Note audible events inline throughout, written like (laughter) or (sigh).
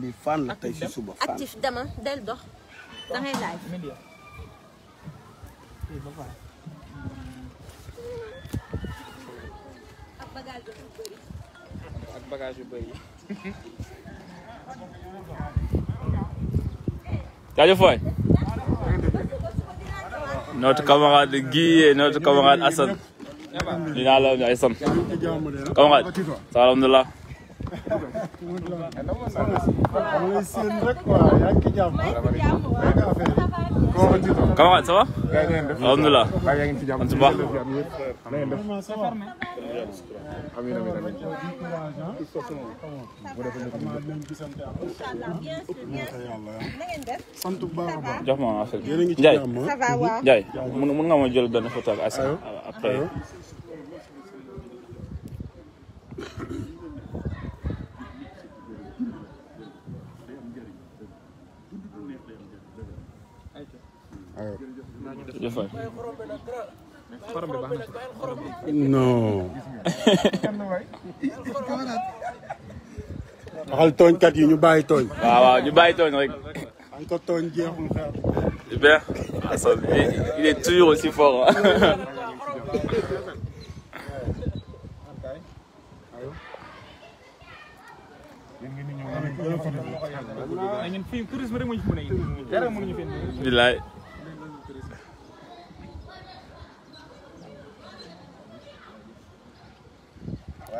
lii fan la tey suba fan actif dama laaj. ak bagage yu bëri. ak bagage yu bëri. jaajëf waay. notre camarade Guy et notre camarade Assane. dinaa Camarade, ça va Alhamdulillah. On se bat. jox ma affaire bi Ndiaye Ndiaye mën nga ma jël benn photo ak Assane après non. waxal tooñkat yi ñu bàyyi tooñ. waaw waaw ñu bàyyi tooñ rek. encore tooñ jeexul xeer. Eh il est toujours aussi fort. bilaay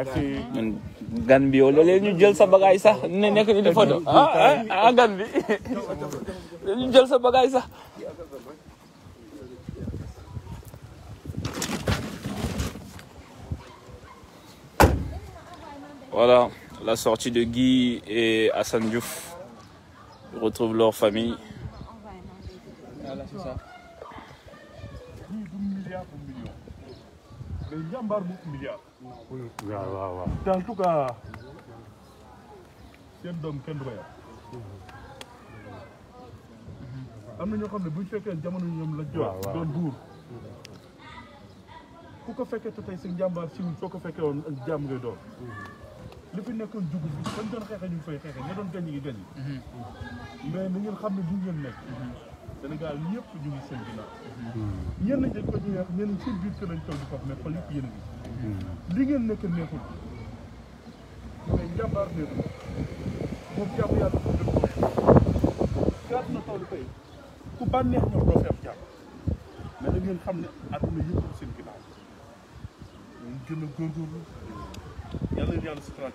merci gan bi yow léeg-léeg ñu jël sa ne nekk ni di photo ah, ah, ah gan bi (laughs) ñu jël sa bagay sax Voilà, la sortie de mais njàmbaar bu milliard. waaw seen doom kenn du ko am na ñoo xam ne buñ fekkee jamono ñoom la. waaw doon buur. ku ko fekkee te tey si njàmbaar si foo ko fekkee woon ak jàmm ngay doon. li fi nekkoon jugu bi doon xeexe ñu fay xeexe ña doon gañ yi gañ mhm. mais ni ngeen xam ne du ngeen nekk. Mhm. Sénégal ñëpp ñu ngi seen ginnaaw. ñenn ñi dañ ko ñëwaat ñenn ñi seen yëpp yéen a li ngeen nekk neexul mais njàmbaar neexul moom jàpp yàlla moom lañ ko gàtt ku bànneex ñoom doo fi am jàpp xam ne àdduna yëpp seen ginnaaw ñu gën a góorgóorlu yàlla na yàlla suturaat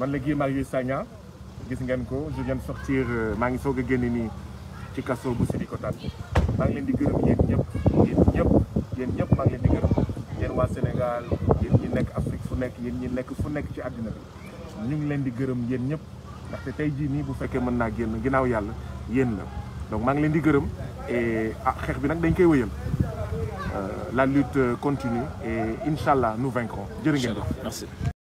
man la Guy Marius Sagna gis ngeen ko je viens de sortir euh, maa ngi soog a génn nii ci kaso bu Sébikotane maa ngi leen di gërëm yéen ñëpp yéen ñëpp ñëpp maa ngi leen di gërëm yéen waa Sénégal yéen nekk Afrique fu nekk yéen ñi nekk fu nekk ci àddina bi ñu ngi leen di gërëm yéen ñëpp ndaxte tey jii nii bu fekkee mën naa génn ginnaaw yàlla yéen na donc maa ngi leen di gërëm et ah xeex bi nag dañ koy wéyal euh, la lutte continue et incha allah nous vaincrons jërë ngeen